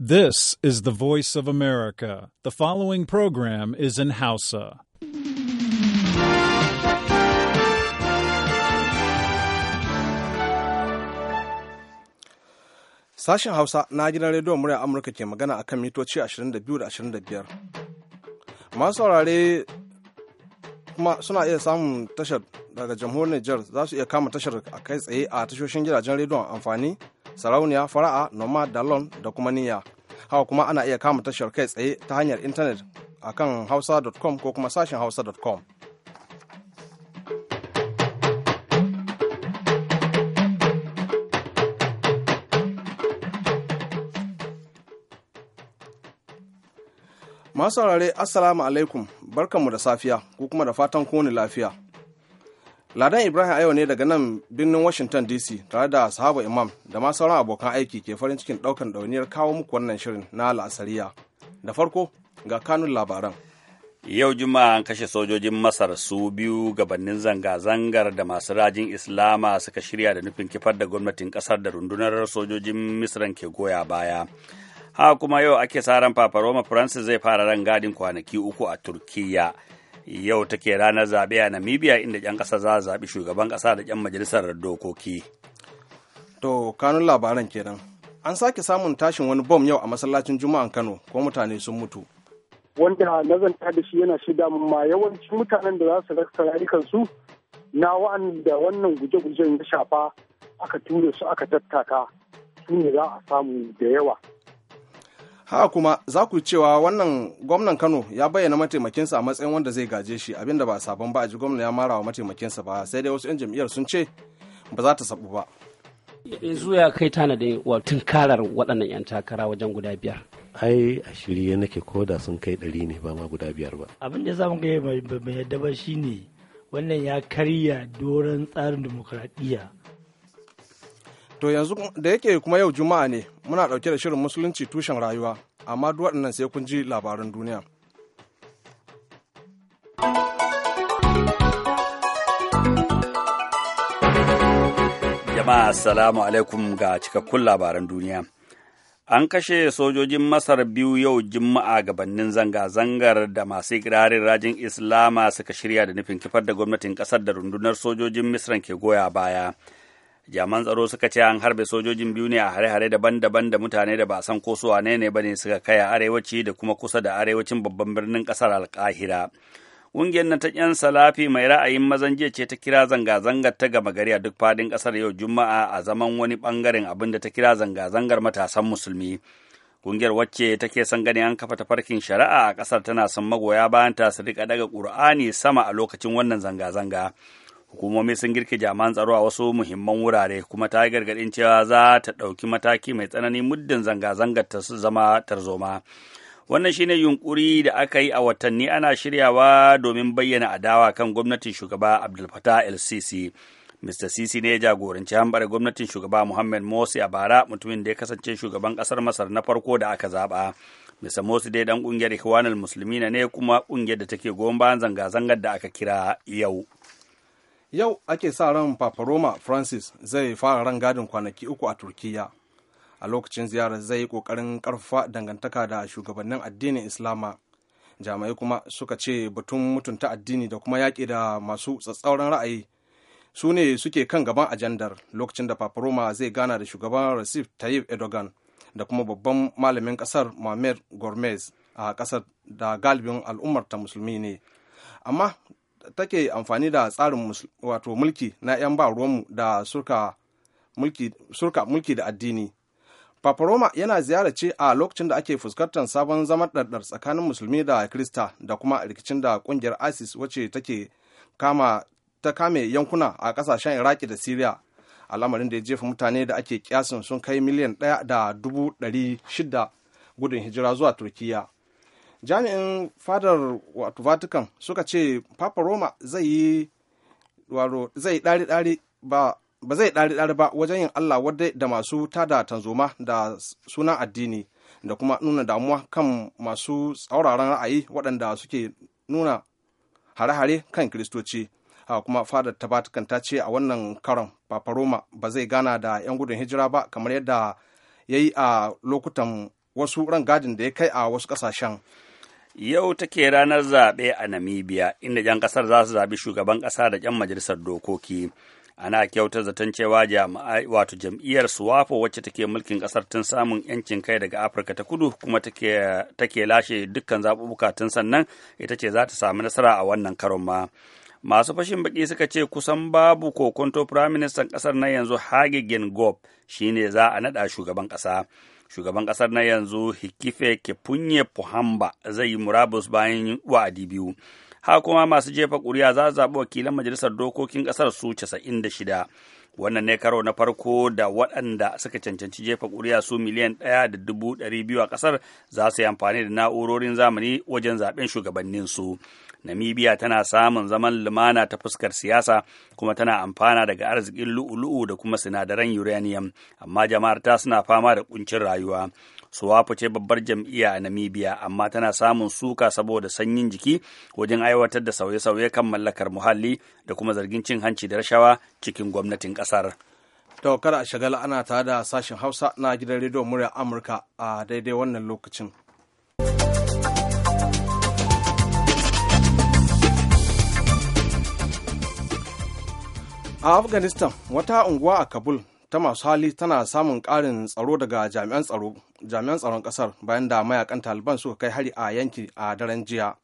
This is the voice of America. The following program is in Hausa. Sashen Hausa na gidan rediyon murya Amurka ke magana akan mitoci 22 da 25. Masu saurare kuma suna iya samun tashar daga jamhuriyar Nijar za su iya kama tashar a kai tsaye a tashoshin gidajen rediyon amfani, sarauniya, fara'a, noma, dalon da kuma niyya. Hawa kuma ana iya kama tashar kai tsaye ta hanyar intanet a kan hausa.com ko kuma sashen hausa.com. Masu saurare, Assalamu alaikum. barkanmu da safiya ko kuma da fatan kowane lafiya. Ladan Ibrahim Ayo ne daga nan birnin Washington DC tare da sahaba Imam da ma sauran abokan aiki ke farin cikin daukan dauniyar kawo muku wannan shirin na la'asariya. Da farko ga kanun labaran. Yau Juma'a an kashe sojojin Masar su biyu gabanin zanga-zangar da masu rajin Islama suka shirya da nufin kifar da gwamnatin ƙasar da rundunar sojojin Misran ke goya baya. haka kuma yau ake sa ran Roma Francis zai fara ran gadin kwanaki uku a Turkiyya. Yau take ranar zaɓe a Namibia inda 'yan ƙasa za a zaɓi shugaban ƙasa da 'yan majalisar dokoki. To, kanun labaran kenan. An sake samun tashin wani bom yau a masallacin Juma'an Kano, ko mutane sun mutu. Wanda zanta da shi yana shida ma yawancin mutanen da za su rasa rayukansu na wa'anda wannan guje-gujen ya shafa aka ture su aka tattaka su ne za a samu da yawa. haka kuma za ku cewa wannan gwamnan kano ya bayyana mataimakinsa a matsayin wanda zai gaje shi abinda ba sabon ba a ji gwamna ya mara wa mataimakinsa ba sai dai wasu 'yan jam'iyyar sun ce ba za ta sabu ba yanzu ya kai tanadin watan karar waɗannan 'yan takara wajen guda biyar ai a shirye nake ko da sun kai ɗari ne ba ma guda biyar ba abin da zamu ga mai yadda ba shine wannan ya karya doron tsarin dimokuraɗiyya To yanzu da yake kuma yau Juma'a ne muna ɗauke da shirin musulunci tushen rayuwa amma duk waɗannan sai kun ji labaran duniya. Jama'a Salamu alaikum ga cikakkun labaran duniya. An kashe sojojin Masar biyu yau Juma'a gabanin zanga-zangar da masu ikirarin rajin Islama suka shirya da nufin kifar da gwamnatin ƙasar da rundunar sojojin Misran ke goya baya. jaman tsaro suka ce an harbe sojojin biyu ne a hare-hare daban-daban da mutane da ba san ko su ne ne bane suka kai a arewaci da kuma kusa da arewacin babban birnin kasar alkahira ƙungiyar na ta yan salafi mai ra'ayin mazan jiya ce ta kira zanga-zangar ta gama gari a duk fadin kasar yau juma'a a zaman wani bangaren abin da ta kira zanga-zangar matasan musulmi ƙungiyar wacce take son ganin an kafa tafarkin shari'a a kasar tana son magoya bayan ta su rika daga ƙur'ani sama a lokacin wannan zanga-zanga. zanga zanga hukumomi sun girke jami'an tsaro a wasu muhimman wurare kuma ta yi gargaɗin cewa za ta ɗauki mataki mai tsanani muddin zanga-zangar ta zama tarzoma wannan shine yunkuri da aka yi a watanni ana shiryawa domin bayyana adawa kan gwamnatin shugaba abdul Fattah el sisi Mr. Sisi ne ya jagoranci hambar gwamnatin shugaba Muhammad Morsi a bara mutumin da ya kasance shugaban kasar Masar na farko da aka zaba. Mr. Morsi dai dan kungiyar Ikhwanul Muslimina ne kuma kungiyar da take goyon bayan zanga-zangar da aka kira yau. yau ake sa ran Papa Roma francis zai fara ran gadin kwanaki uku a turkiya a lokacin ziyarar zai yi ƙoƙarin karfafa dangantaka da shugabannin addinin islama jami'ai kuma suka ce batun mutunta addini da kuma yaƙi da masu tsatsauran ra'ayi su ne suke kan gaban ajandar lokacin da Papa Roma zai gana da shugaban recep tayyip erdogan da kuma babban malamin ƙasar mohamed gormez a ƙasar da galibin al'ummar ta musulmi ne amma take amfani da tsarin wato mulki na 'yan ba ruwanmu da surka mulki, da addini Papa Roma yana ziyara a lokacin da ake fuskantar sabon zaman ɗarɗar tsakanin musulmi da krista da kuma rikicin da ƙungiyar isis wacce take kama ta kame yankuna a ƙasashen iraki da Siriya al'amarin da ya jefa mutane da ake kyasin sun kai miliyan ɗaya da dubu ɗari shida gudun hijira zuwa Turkiyya. jami'in fadar vatican suka ce papa roma zai yi ɗari-ɗari ba ba zai dare dare ba wajen yin allah wadda da masu tada tanzoma da sunan addini da kuma nuna damuwa kan masu tsauraran ra'ayi waɗanda suke nuna hare-hare kan kiristoci haka kuma fadar ta vatican ta ce a wannan karon papa roma ba zai gana da 'yan gudun hijira ba kamar yadda ya yi a lokutan wasu rangadin da ya kai a wasu ƙasashen yau take ranar zaɓe a Namibia, inda 'yan ƙasar za su zaɓi shugaban ƙasa da 'yan majalisar dokoki. Ana kyautar zaton cewa wato jam'iyyar Suwafo wacce take mulkin ƙasar tun samun 'yancin kai daga Afirka ta kudu kuma take lashe dukkan zaɓuɓɓuka tun sannan ita ce za ta sami nasara a wannan karon ma. masu fashin baki suka ce kusan babu kokonto firaministan ƙasar na yanzu Hage gengob shi ne za a naɗa shugaban ƙasa. shugaban kasar na yanzu hikife kepunye pohamba zai yi murabus bayan wa'adi biyu ha kuma masu jefa ƙuri'a za zaɓi wakilan majalisar dokokin ƙasar su casa'in da shida, wannan ne karo na farko da waɗanda suka cancanci jefa ƙuri'a su miliyan ɗaya da dubu ɗari biyu a ƙasar za su yi amfani da na'urorin zamani wajen zaɓen shugabanninsu. namibia tana samun zaman lumana ta fuskar siyasa kuma tana amfana daga arzikin lu'ulu'u da kuma sinadaran uranium amma jama'ar ta suna fama da kuncin rayuwa Suwafu ce babbar jam'iyya a Namibia, amma tana samun suka saboda sanyin jiki wajen aiwatar da sauye-sauye kan mallakar muhalli da kuma zargin cin hanci da rashawa cikin gwamnatin kasar. daukar a shagala ana tare da sashen Hausa na gidan rediyon murya Amurka a daidai wannan lokacin. a afghanistan wata unguwa a kabul ta masu hali tana samun ƙarin tsaro daga jami'an tsaro jami'an tsaron ƙasar bayan da mayakan taliban suka kai hari a yanki a daren jiya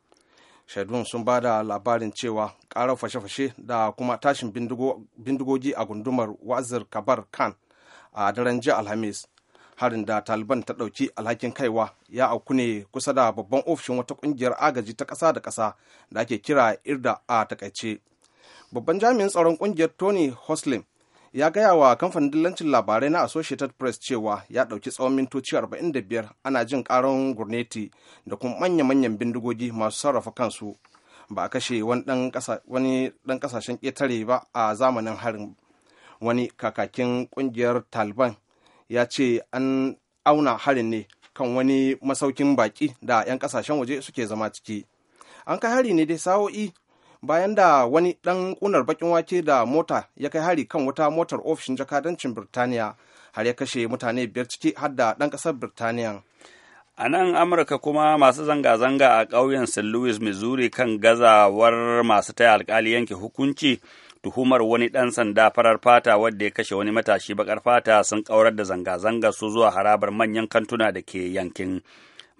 shaidun sun ba da labarin cewa ƙarar fashe-fashe da kuma tashin bindigogi a gundumar wazir kabar khan a daren jiya alhamis harin da taliban ta ɗauki alhakin kaiwa ya auku ne kusa da babban ofishin wata ƙungiyar agaji ta ƙasa da ƙasa da ake kira irda a takaice babban jami'in tsaron kungiyar tony hoslin ya gaya wa kamfanin dillancin labarai na associated press cewa ya ɗauki tsawon mintoci 45 ana jin ƙarin gurneti da kuma manya-manyan bindigogi masu sarrafa kansu ba a kashe wani ɗan ƙasashen ƙetare ba a zamanin harin wani kakakin ƙungiyar taliban ya ce an auna harin ne kan wani masaukin baƙi da 'yan kasashen waje suke zama ciki an kai hari ne dai sa'o'i bayan da wani dan unar bakin wake da mota ya kai hari kan wata motar ofishin jakadancin birtaniya har ya kashe mutane biyar ciki har da dan kasar birtaniya A nan Amurka kuma masu zanga-zanga a ƙauyen St. Louis, Missouri kan gazawar masu taya alkali yanke hukunci tuhumar wani ɗan sanda farar fata wadda ya kashe wani matashi baƙar fata sun ƙaurar da zanga-zanga su zuwa harabar manyan kantuna da ke yankin.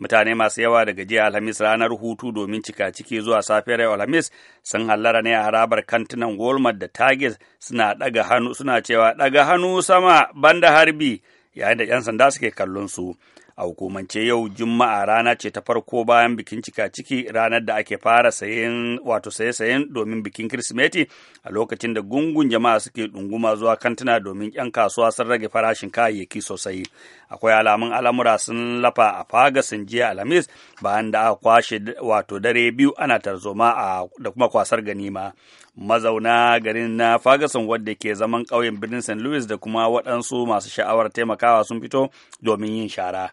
mutane masu yawa daga jiya alhamis ranar hutu domin cika ciki zuwa safiyar yau alhamis sun hallara ne a harabar kantinan walmart da target suna daga hannu suna cewa daga hannu sama banda harbi yayin da 'yan sanda suke kallon su a hukumance yau juma'a rana ce ta farko bayan bikin cika ciki ranar da ake fara sayen wato saye sayen domin bikin kirsimeti a lokacin da gungun jama'a suke ɗunguma zuwa kantuna domin 'yan kasuwa sun rage farashin kayayyaki sosai akwai alamun al'amura sun lafa a fagasin jiya alhamis bayan da aka kwashe wato dare biyu ana tarzoma da kuma kwasar ganima mazauna garin na fagasin wadda ke zaman ƙauyen birnin st louis da kuma waɗansu masu sha'awar taimakawa sun fito domin yin shara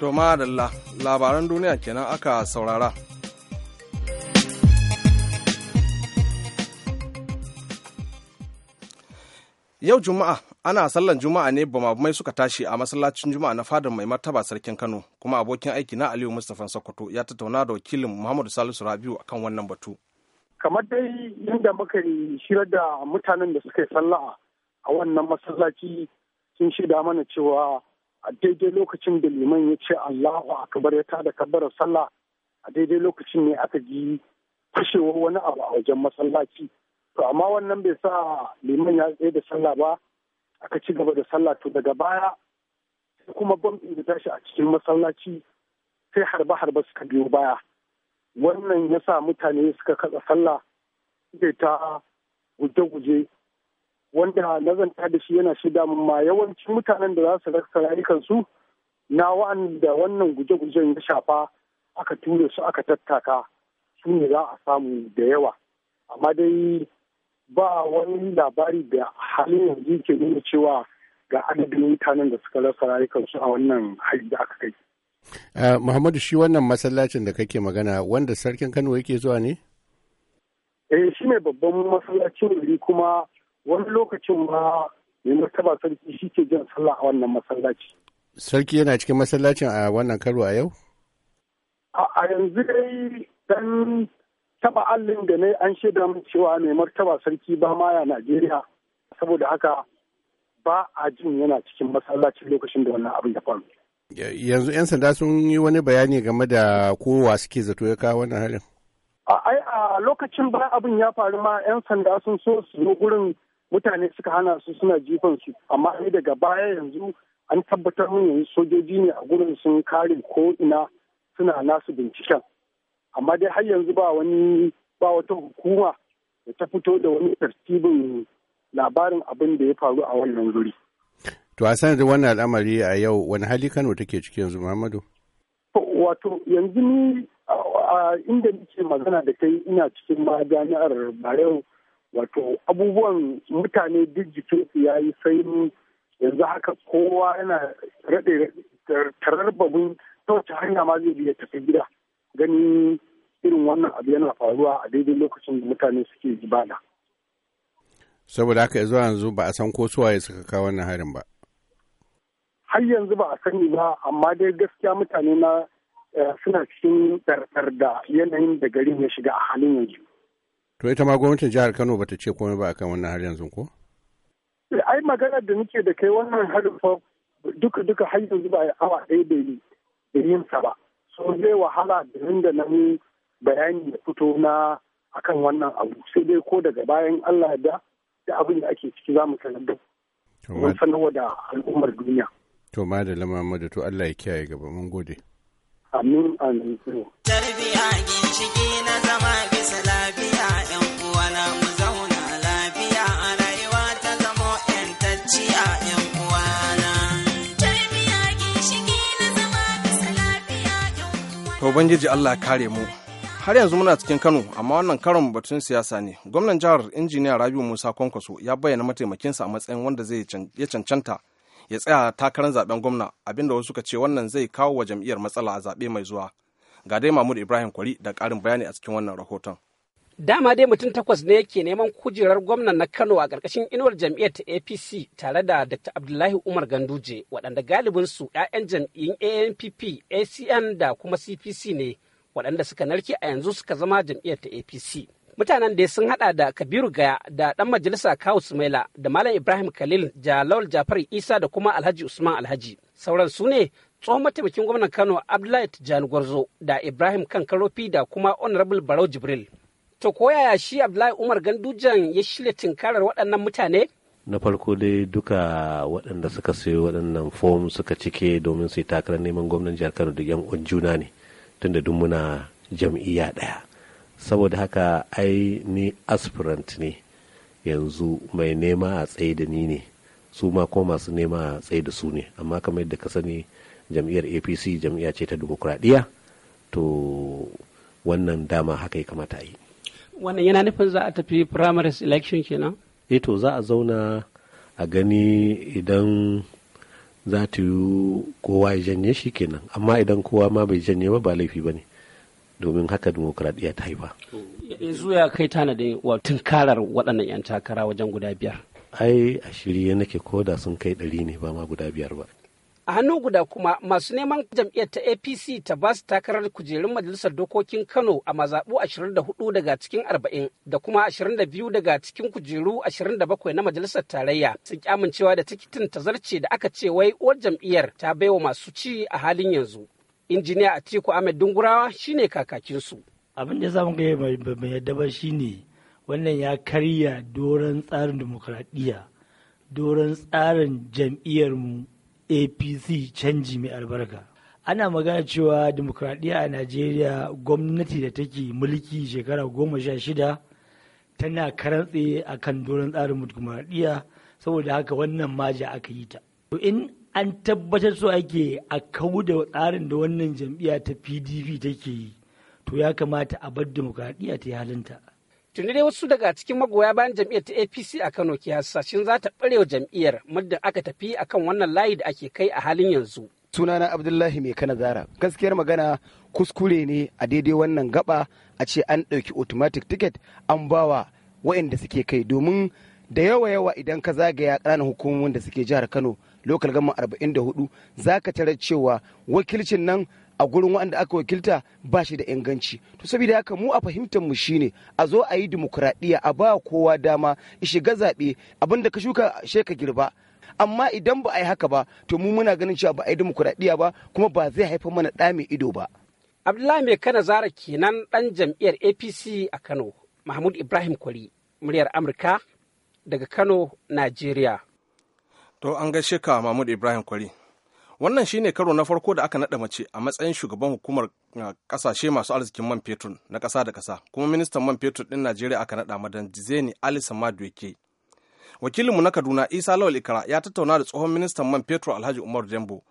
To ma labaran duniya kenan aka saurara yau juma'a ana sallan juma'a ne bamabumai suka tashi a masallacin juma'a na fadar mai martaba sarkin kano kuma abokin aiki na aliyu mustapha sokoto ya tattauna da wakilin muhammadu salisu rabiu akan wannan batu kamar dai yadda muka shirya da mutanen da suka yi sallah a wannan masallaci sun shida mana cewa a daidai lokacin da liman ya ce allahu akbar ya tada kabbarar sallah a daidai lokacin ne aka ji fashewar wani abu a wajen masallaci to amma wannan bai sa liman ya tsaye da sallah ba aka ci gaba da sallah to daga baya kuma bambin da tashi a cikin masallaci sai harba-harba suka biyo baya wannan ya sa mutane suka katsa sallah da ta guje-guje wanda nazanta da shi yana shida ma yawancin mutanen da za su rasa rayukansu na wanda wannan guje-gujen ya shafa aka ture su aka tattaka su ne za a samu da yawa amma dai ba wani labari da halin yanzu ke nuna cewa ga adadin mutanen da suka rasa rayukansu a wannan hali da aka kai. Eh, Muhammadu shi wannan masallacin da kake magana wanda sarkin Kano yake zuwa ne? Eh shi ne babban masallacin wuri kuma wani lokacin ma mai martaba sarki shi ke jin sallah a wannan masallaci. Sarki yana cikin masallacin a wannan karo a yau? A yanzu dai dan taba allin da ne an shaida min cewa mai martaba sarki ba maya Najeriya saboda haka ba a jin yana cikin masallaci lokacin da wannan abin ya faru. Yanzu 'yan sanda sun yi wani bayani game da kowa suke zato ya kawo wannan halin. Ai a lokacin ba abin ya faru ma 'yan sanda sun so su zo gurin mutane suka hana su suna jifan su amma ai daga baya yanzu an tabbatar min yanzu sojoji ne a gurin sun kare ko ina suna nasu binciken. amma dai har yanzu ba wani ba wata hukuma da ta fito da wani tartibin labarin abin da ya faru a wannan guri. To a sanar da wannan al'amari a yau wani hali Kano take ciki yanzu Muhammadu? Wato yanzu ni inda nake magana da kai ina cikin ma jami'ar Bayero wato abubuwan mutane duk jikinsu ya yi sai yanzu haka kowa yana raɗe tararbabin ta wace hanya ma zai biya tafi gida. gani irin wannan abu yana faruwa a daidai lokacin da mutane suke ibada. Saboda haka zuwa yanzu ba a san ko suwaye suka kawo wannan harin ba. Har yanzu ba a sani ba amma dai gaskiya mutane na eh, suna cikin tarkar da yanayin da garin ya shiga a halin yanzu. To ita ma gwamnatin jihar Kano ba ta ce komai ba akan wannan har yanzu ko? Eh, ai maganar da nake da kai wannan harin fa duka duka har yanzu ba awa ɗaya da yin sa ba. so zai wahala domin da nan bayani ya fito na akan wannan abu sai dai ko daga bayan Allah da da abin da ake ciki za mu sanar da mun sanarwa da al'ummar duniya to madalla Muhammadu to Allah ya kiyaye gaba mun gode amin amin tarbiya ginshiki na zama bisa lafiya ubangiji allah kare mu har yanzu muna cikin kano amma wannan karon batun siyasa ne gwamnan jihar injiniya rabiu musa kwankwaso ya bayyana mataimakinsa a matsayin wanda zai ya cancanta ya tsaya takarar zaben gwamna abinda wasu suka ce wannan zai kawo wa jam'iyyar matsala a zaɓe mai zuwa ga dai mahmud ibrahim kwari da ƙarin bayani a cikin wannan rahoton Dama dai mutum takwas ne yake neman kujerar gwamnan na Kano a ƙarƙashin inuwar jam'iyyar ta APC tare da Dr. Abdullahi Umar Ganduje waɗanda galibin su 'ya'yan jam'iyyun ANPP, ACN da kuma CPC ne waɗanda suka narke a yanzu suka zama jam'iyyar ta APC. Mutanen da sun haɗa da Kabiru Gaya da ɗan majalisa Kawu Sumaila da Malam Ibrahim Khalil Jalal Jafar Isa da kuma Alhaji Usman Alhaji. Sauran su ne tsohon mataimakin gwamnan Kano Abdullahi Tijjani Gwarzo da Ibrahim Kankarofi da kuma Honorable Barau Jibril. To ko yaya shi Abdullahi Umar Gandujan ya shirya tinkarar waɗannan mutane? Na farko dai duka waɗanda suka sayo waɗannan fom suka cike domin su yi takarar neman gwamnan jihar Kano da yan juna ne tunda duk muna jam'iyya ɗaya. Saboda haka ai ni aspirant ne yanzu mai nema a tsaye da ni ne su ma ko masu nema a tsaye da su ne amma kamar yadda ka sani jam'iyyar APC jam'iyya ce ta dimokuraɗiyya to wannan dama haka ya kamata a yi. wannan yana nufin za a tafi primaries election kenan eh to za a zauna a gani idan za ta yi kowa ya janye shi kenan amma idan kowa ma bai janye ba ba laifi ba ne domin haka demokradiyya ta haifa. yanzu ya kai tanadin wa tunkarar waɗannan 'yan takara wajen guda biyar ai a shirye nake ko da sun kai ɗari ne ba ma guda biyar ba a hannu guda kuma masu neman jam'iyyar ta apc ta ba su takarar kujerun majalisar dokokin kano a mazaɓu 24 daga cikin 40 da kuma 22 daga cikin kujeru 27 na majalisar tarayya sun amincewa da tikitin ta zarce da aka ce wai uwar jam'iyyar ta baiwa masu ci a halin yanzu injiniya atiku ahmed dungurawa shine kakakinsu abin da zamu ga mai yadda ba shine wannan ya karya doron tsarin dimokuraɗiyya doron tsarin mu. apc canji mai albarka ana magana cewa demokradiyya a najeriya gwamnati da take mulki shekara goma sha shida tana karantse a kan doron tsarin demokradiyya saboda haka wannan maja aka yi ta to in an tabbatar so ake a kawo da tsarin da wannan jam'iyya ta pdp take yi to ya kamata a bar demokradiyya ta yi halinta Tuni dai wasu daga cikin magoya bayan jam'iyyar ta APC a Kano ke hasashen za ta ɓarewa jam'iyyar muddin aka tafi akan wannan layi da ake kai a halin yanzu. Sunana Abdullahi Mai Kana Zara. Gaskiyar magana kuskure ne a daidai wannan gaba a ce an ɗauki automatic ticket an bawa waɗanda suke kai domin da yawa yawa idan ka zagaya ƙananan hukumomin da suke jihar Kano lokal gama 44 za ka tarar cewa wakilcin nan a gurin wanda aka wakilta ba shi da inganci to saboda haka mu a fahimtar mu shine a zo a yi dimokuraɗiyya a ba kowa dama shiga zaɓe abinda ka shuka ka girba amma idan ba a yi haka ba to mu muna ganin cewa ba a yi demokradiya ba kuma ba zai haifar mana ɗa mai ido ba. Abdullahi mai kana zara kenan ɗan jam'iyyar APC a Kano Mahmud Ibrahim Kwari muryar Amurka daga Kano Najeriya. To an gaishe ka Mahmud Ibrahim Kwari. wannan shine karo na farko da aka naɗa mace a matsayin shugaban hukumar uh, ƙasashe masu arzikin man fetur na ƙasa da ƙasa kuma ministan man fetur ɗin najeriya aka naɗa madan zeni ali samadu wakilinmu na kaduna isa lawal ikara ya tattauna da tsohon ministan man fetur alhaji umar dembo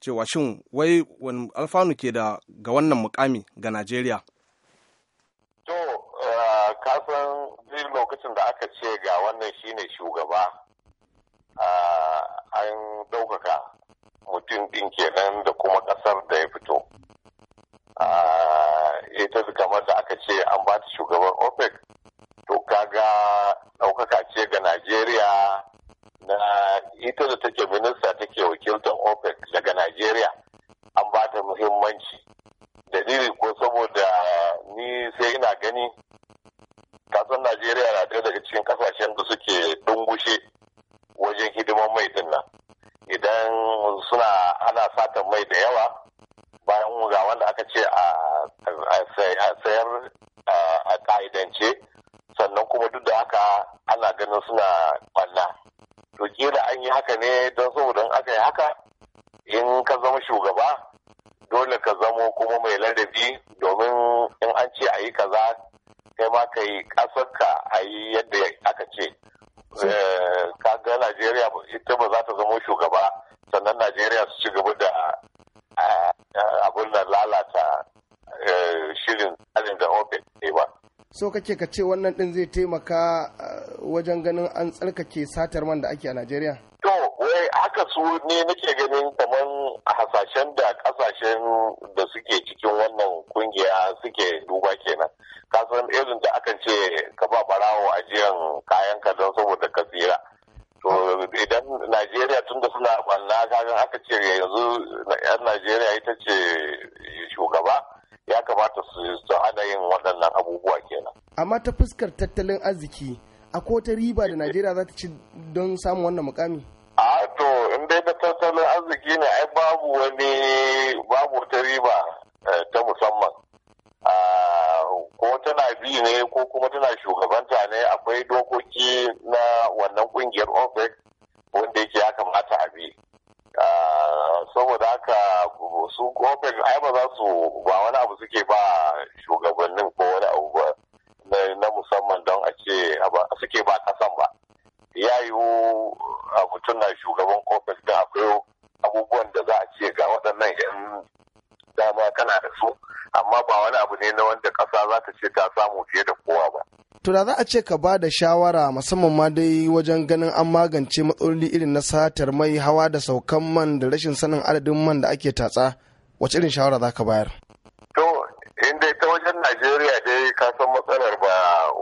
cewa shin wai wani alfanu ke da ga wannan mukami ga najeriya to uh, kasan lokacin da aka ce ga wannan shine shugaba uh, an ɗaukaka mutum din kenan da kuma kasar da ya fito ita kamar da aka ce an ba ta shugaban opec to kaga ɗaukaka ce ga najeriya na ita da take minista take wakiltar opec daga najeriya an ba ta muhimmanci dalili ko saboda ni sai ina gani kasan najeriya na ɗaya daga cikin kasashen da suke dungushe wajen hidimar mai dinnan. idan suna ana satan mai da yawa bayan ga wanda aka ce a sayar a ka'idance sannan kuma duk da haka ana ganin suna kwalla to kila an yi haka ne don saboda aka yi haka in ka zama shugaba dole ka zamo kuma mai ladabi domin in an ce a yi kaza kai ma ka yi ka a yi yadda aka ce eh, ka ga najeriya ita ba za kake ka ce wannan din zai taimaka uh, wajen ganin an tsarkake satar man da ake a Najeriya? To, wai haka su ne nake ganin kamar a hasashen da kasashen tattalin arziki akwai wata riba da najeriya za ta ci don samun wannan mukami a to in dai da tattalin arziki ne ai babu wani babu wata riba eh, ta musamman ko tana bi ne ko kuma tana shugabanta ne akwai dokoki na wannan kungiyar opec da za a ce ka ba da shawara musamman ma dai wajen ganin an magance matsaloli irin na satar mai hawa da saukan man da rashin sanin adadin man da ake tatsa wace irin shawara za ka bayar? To, inda ta wajen Najeriya dai ka san matsalar ba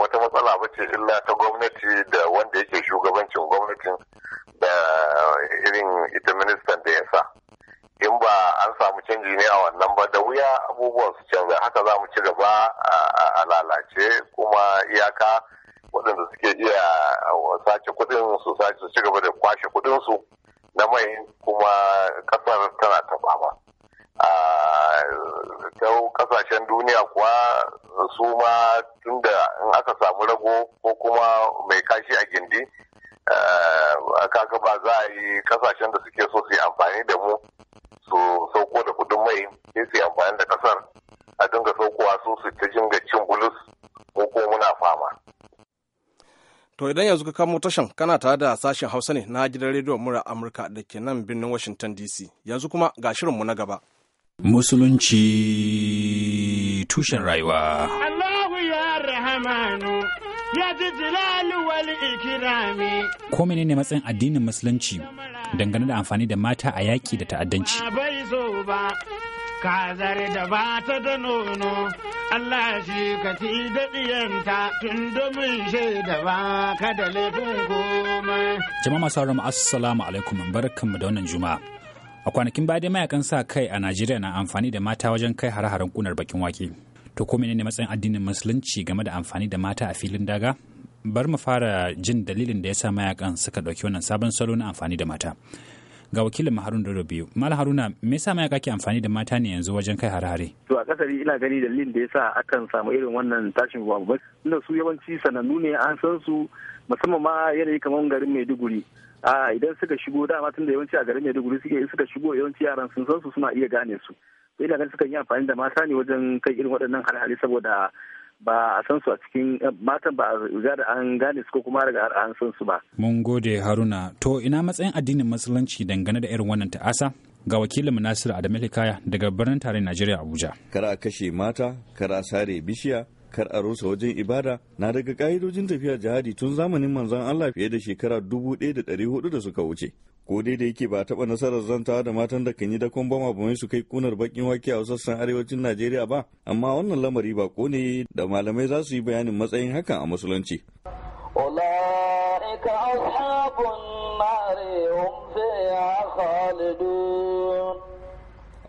wata matsala ba ce illa ta gwamnati da wanda yake shugabancin gwamnatin da irin ita ministan da ya sa. in ba an samu canji ne a wannan ba da wuya abubuwan su canza haka za mu ci gaba a lalace kuma iyaka waɗanda suke iya uh, sace kuɗin su sace su ci gaba da kwashe kuɗin su na mai kuma kasar tana ba a ta ƙasashen duniya kuwa su ma tunda in aka samu rago ko kuma mai kashi a gindi uh, kaga ba za a yi kasashen da suke so su yi amfani da mu su sauko da kudin mai sai su amfani da kasar a dinga saukowa su su ta jinga cin bulus ko ko muna fama. To idan yanzu ka kamo tashan kana tare da sashen Hausa ne na gidan rediyon mura Amurka da ke nan birnin Washington DC. Yanzu kuma ga shirinmu na gaba. Musulunci tushen rayuwa. Allahu ya rahamanu ya ji jilali wal ikirami. Ko menene matsayin addinin musulunci dangane da amfani da mata a yaƙi da ta'addanci. Kazar da ba ta da nono, Allah shi ka ci da ɗiyanta tun domin shaida ba ka da laifin komai. Jama'a masu haramu assalamu alaikum barkanmu da wannan juma'a. A kwanakin baya dai mayakan sa kai a Najeriya na amfani da mata wajen kai hare-haren kunar bakin wake. To ko menene matsayin addinin musulunci game da amfani da mata a filin daga? bar mu fara jin dalilin da ya sa mayakan suka ɗauki wannan sabon salo na amfani da mata ga wakilin maharun dodo biyu mala haruna me yasa mayaka ke amfani da mata ne yanzu wajen kai hare-hare to a kasari ina gani dalilin da ya yasa akan samu irin wannan tashin babu inda su yawanci sanannu ne an san su musamman ma yanayi kamar garin maiduguri a idan suka shigo dama tun da yawanci a garin maiduguri suke suka shigo yawanci yaran sun san su suna iya gane su ina ganin sukan yi amfani da mata ne wajen kai irin waɗannan hare-hare saboda ba a san su a cikin matan ba a da an gane su ko kuma daga an san su ba. Mun gode Haruna, to ina matsayin addinin musulunci dangane da irin wannan ta'asa? Ga wakilin Nasiru Adam Hikaya daga birnin tarayyar Najeriya Abuja. Kar a kashe mata, kar a sare bishiya, kar a rusa wajen ibada na daga ka'idojin tafiya jihadi tun zamanin manzon Allah fiye da shekara dubu ɗaya da ɗari hudu da suka wuce. ko dai da yake ba a taɓa nasarar zantawa da matan da kan yi dakon bama bamai su kai kunar bakin wake a sassan arewacin najeriya ba amma wannan lamari ba ko ne da malamai za su yi bayanin matsayin hakan a musulunci أولئك أصحاب النار هم فيها خالدون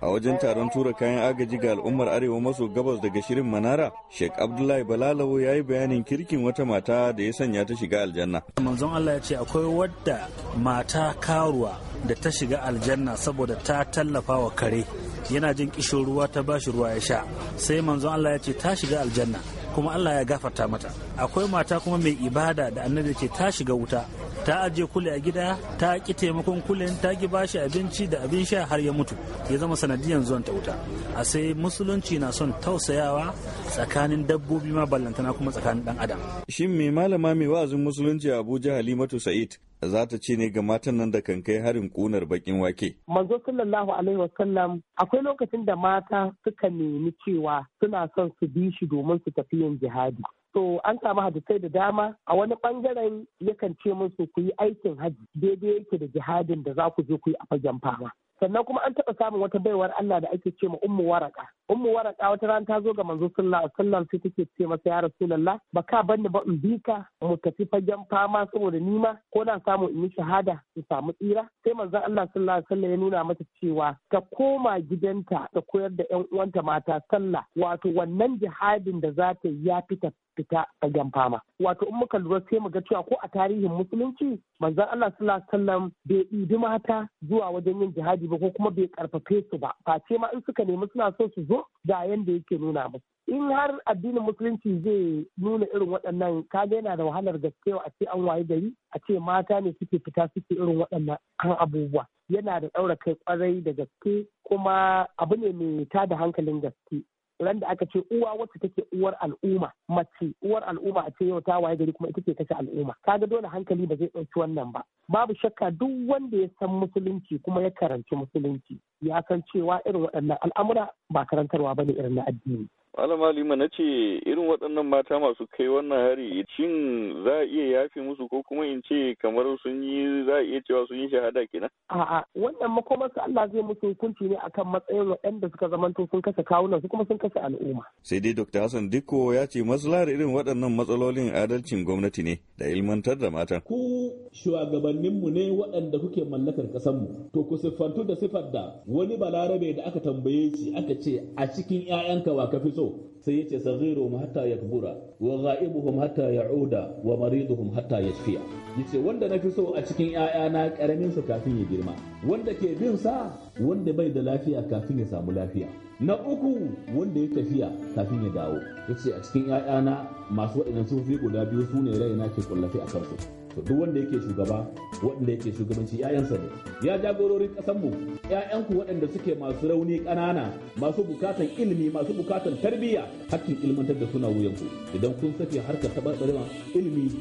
a wajen taron tura kayan agaji ga al'ummar arewa maso gabas daga shirin manara sheikh abdullahi balalawo ya yi bayanin kirkin wata mata da ya sanya ta shiga aljanna manzon allah ya ce akwai wadda mata karuwa da ta shiga aljanna saboda ta tallafa wa kare yana jin kishin ruwa ta bashi ruwa ya sha sai manzon allah ya ce ta shiga aljanna kuma allah ya gafarta mata akwai mata kuma mai ibada da annabi ce ta shiga wuta ta ajiye kule a gida ta ki taimakon kulen ta ki bashi abinci da abin sha har ya mutu ya zama sanadiyan zuwan ta wuta a sai musulunci na son tausayawa tsakanin dabbobi ma ballantana kuma tsakanin dan adam shin me malama mai wa'azin musulunci a Abuja Halimatu Sa'id za ta ce ne ga matan nan da kan kai harin kunar bakin wake. Manzo sallallahu alaihi wasallam akwai lokacin da mata suka nemi cewa suna son su bi shi domin su tafi yin jihadi. to an samu hadisai da dama a wani bangaren yakan ce musu ku yi aikin hajji daidai yake da jihadin da za ku je ku yi a fagen fama sannan kuma an taɓa samun wata baiwar Allah da ake ce ma ummu waraka ummu waraka wata rana ta zo ga manzo sallallahu alaihi wasallam sai take ce masa ya rasulullah ba ka banni ba in bika mu tafi fagen fama saboda nima ko na samu in yi shahada in samu tsira sai manzo Allah sallallahu alaihi wasallam ya nuna mata cewa ta koma gidanta ta koyar da yan uwanta mata sallah wato wannan jihadin da za ta yi ya fita fita fagen fama wato in muka lura sai mu ga cewa ko a tarihin musulunci manzon Allah sallallahu alaihi wasallam bai idi mata zuwa wajen yin jihadi ba ko kuma bai karfafe su ba face ma in suka nemi suna so su zo ga yanda yake nuna musu in har addinin musulunci zai nuna irin waɗannan kaga yana da wahalar gaskewa a ce an waye gari a ce mata ne suke fita suke irin waɗannan kan abubuwa yana da ɗaura kai kwarai da gaske kuma abu ne mai tada hankalin gaske ran da aka ce uwa wacce take uwar al'umma mace uwar al'umma a ce yau ta waye gari kuma ita ce kashe al'umma kaga dole hankali ba zai ɗauki wannan ba babu shakka duk wanda ya san musulunci kuma ya karanci musulunci ya san cewa irin waɗannan al'amura ba karantarwa ba ne irin na addini malam Lima na ce irin waɗannan mata masu kai wannan hari shin za a iya yafe musu ko kuma in ce kamar sun yi za a iya cewa sun yi shahada kenan? A'a wannan makomar su Allah zai musu hukunci ne akan matsayin waɗanda suka zamanto sun kasa kawunan su kuma sun kashe al'umma. Sai dai Dr. Hassan Dikko ya ce matsalar irin waɗannan matsalolin adalcin gwamnati ne da ilmantar da matan. Ku shugabanninmu ne waɗanda kuke mallakar ƙasarmu to ku siffantu da siffar da wani balarabe da aka tambaye shi aka ce a cikin 'ya'yanka wa ka fi so so sai yace saghiruhum hatta yakbura wa ghaibuhum hatta ya'uda wa mariduhum hatta yashfiya yace wanda nafi so a cikin 'ya'yana karamin su kafin ya girma wanda ke bin sa wanda bai da lafiya kafin ya samu lafiya na uku wanda ya tafiya kafin ya dawo yace a cikin 'ya'yana masu waɗannan sufi guda biyu sune raina ke kullafi a kansu to duk wanda yake shugaba wanda yake shugabanci ƴaƴansa ne ya jagororin mu ya'yanku waɗanda suke masu rauni ƙanana masu bukatan ilimi masu bukatan tarbiyya hakkin ilmantar da suna wuyanku idan kun sake harkar taɓarɓarewa ilimi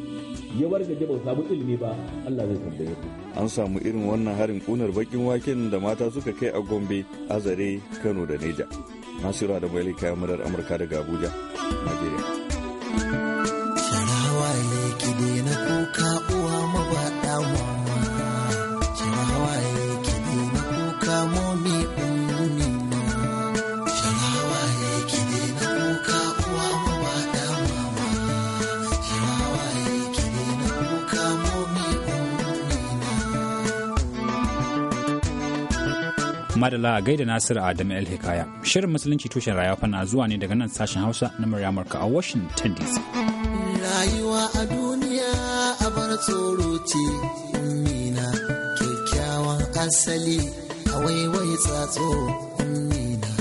ya warga ba samu ilimi ba Allah zai tambaye ku an samu irin wannan harin kunar bakin waken da mata suka kai a Gombe Azare Kano da Neja Nasiru da Malika murar Amurka daga Abuja Najeriya Madala a gaida Nasiru Adam El Hikaya. Shirin Musulunci tushen rayuwa fana zuwa ne daga nan sashen Hausa na murya Amurka a Washington DC. Rayuwa a duniya a bar tsoro ce, nina kyakkyawan asali a waiwai tsatso, nina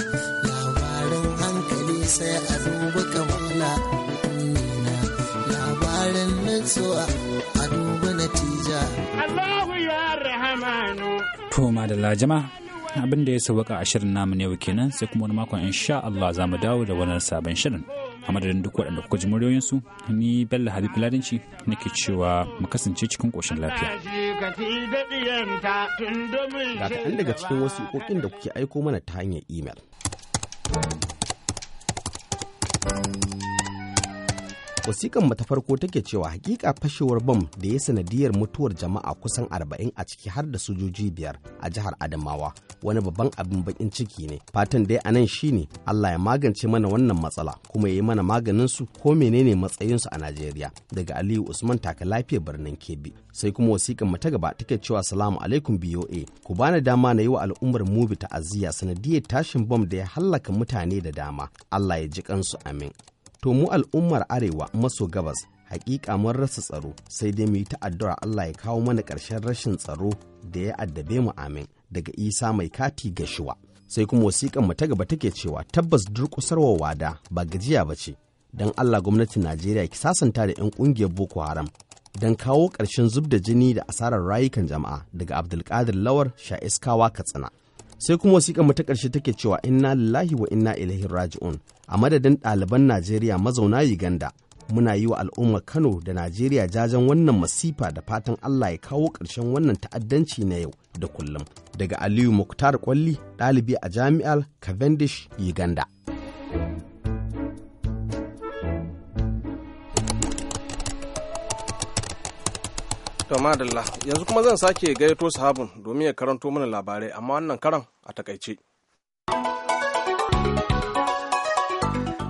labarin hankali sai a duba kamala, nina labarin nutsuwa a duba natija. Allahu ya rahamanu. Tuma da jama'a. abin da ya sauka a shirin namu ne kenan sai kuma wani makon in sha Allah za mu dawo da wani sabon shirin a madadin duk waɗanda kuka ji su ni bello habib ladanci nake cewa mu kasance cikin koshin lafiya ga kaɗan daga cikin wasu ikokin da kuke aiko mana ta hanyar imel wasikan mu ta farko take cewa hakika fashewar bom da ya sanadiyar mutuwar jama'a kusan arba'in a ciki har da sojoji biyar a jihar adamawa wani babban abin bakin ciki ne fatan dai anan shine allah ya magance mana wannan matsala kuma ya yi mana maganin su ko menene su a najeriya daga aliyu usman taka lafiyar birnin kebbi sai kuma wasikan mu ta gaba take cewa salamu alaikum boa ku bani dama na yi wa al'ummar mubi ta'aziyya sanadiyar tashin bom da ya hallaka mutane da dama allah ya ji kansu amin To mu al'ummar Arewa maso gabas hakika mun rasa tsaro sai dai mu yi ta'addara Allah ya kawo mana ƙarshen rashin tsaro da ya addabe mu amin daga Isa mai kati ga shuwa. Sai kuma wasiƙan mu ta gaba take cewa tabbas durƙusarwa wada ba gajiya ba ce. Don Allah gwamnatin Najeriya ki sasanta da 'yan ƙungiyar Boko Haram don kawo ƙarshen zub da jini da asarar rayukan jama'a daga Abdulkadir Lawar Sha'iskawa Katsina. sai kuma wasiƙa mu ta ƙarshe take cewa inna lillahi wa inna ilaihi raji'un a madadin ɗaliban najeriya mazauna uganda muna yi wa al'ummar kano da najeriya jajen wannan masifa da fatan allah ya kawo ƙarshen wannan ta'addanci na yau da kullum daga aliyu muktar kwalli ɗalibi a jami'ar cavendish uganda To madalla yanzu kuma zan sake gayyato sahabun domin ya karanto mana labarai amma wannan karan a takaice.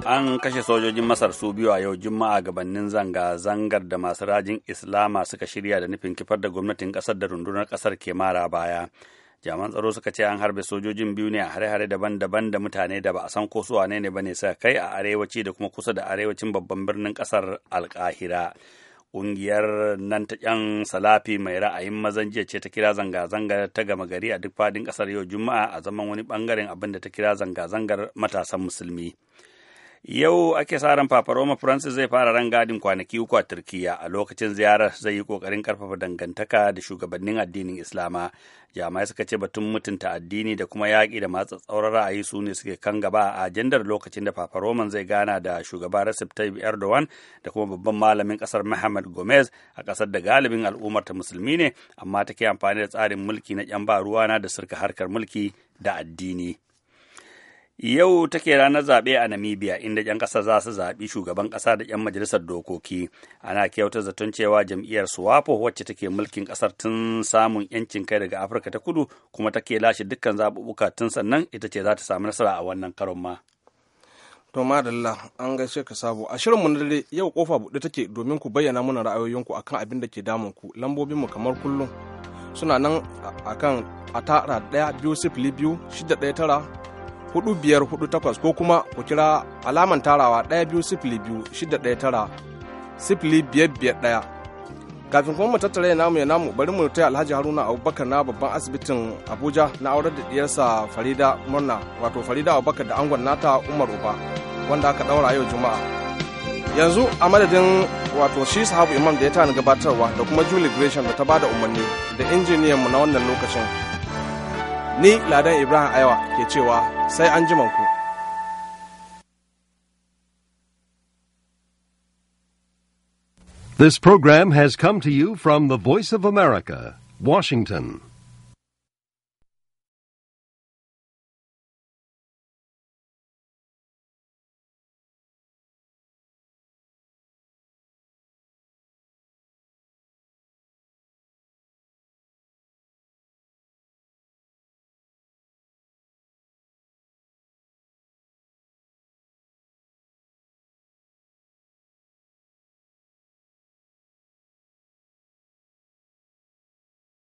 An kashe sojojin Masar su biyu a yau Juma'a gabanin zanga-zangar da masu rajin Islama suka shirya da nufin kifar da gwamnatin ƙasar da rundunar ƙasar ke mara baya. Jaman tsaro suka ce an harbe sojojin biyu ne a hare-hare daban-daban da mutane da ba a san ko su ne ba ne suka kai a arewaci da kuma kusa da arewacin babban birnin ƙasar alkahira. ƙungiyar nan ta ƴan salafi mai ra'ayin mazan jiya ce ta kira zanga-zangar ta gama gari a duk faɗin ƙasar yau juma'a a zaman wani ɓangaren abin da ta kira zanga-zangar matasan musulmi Yau ake sa ran Papa Roma Francis zai fara ran gadin kwanaki uku a Turkiyya a lokacin ziyarar zai yi kokarin karfafa dangantaka da shugabannin addinin Islama. Jami'ai suka ce batun mutunta addini da kuma yaƙi da tsaurar ra'ayi su ne suke kan gaba a ajandar lokacin da Papa Roman zai gana da shugaba Recep Tayyip Erdogan da kuma babban malamin ƙasar Mohammed Gomez a ƙasar da galibin al'ummar ta musulmi ne amma take amfani da tsarin mulki na 'yan ba ruwana da sirka harkar mulki da addini. Yau take ranar zaɓe a Namibia inda 'yan ƙasa za su zaɓi shugaban ƙasa da 'yan majalisar dokoki. Ana kyauta zaton cewa jam'iyyar Swapo wacce take mulkin ƙasar tun samun 'yancin kai daga Afirka ta kudu kuma take lashe dukkan zaɓuɓɓuka tun sannan ita ce za ta samu nasara a wannan karon ma. To madalla an gaishe ka sabo a shirinmu na dare yau kofa buɗe take domin ku bayyana mana ra'ayoyinku akan abin da ke damun ku lambobinmu kamar kullum suna nan akan a tara ɗaya biyu sifili biyu shida ɗaya tara Hudu biyar takwas ko kuma ku kira alaman tarawa ɗaya biyu sifili biyu ɗaya tara sifili biyar biyar ɗaya kafin kuma mu tattara ya namu ya namu bari mu taya alhaji haruna abubakar na babban asibitin abuja na aurar da diyarsa farida murna wato farida abubakar da angon nata umar uba wanda aka daura yau juma'a yanzu a madadin wato shi sahabu imam da ya tana gabatarwa da kuma julie gresham da ta bada umarni da injiniyan mu na wannan lokacin ni ladan ibrahim aiwa ke cewa sai an ku. This program has come to you from the Voice of America, Washington.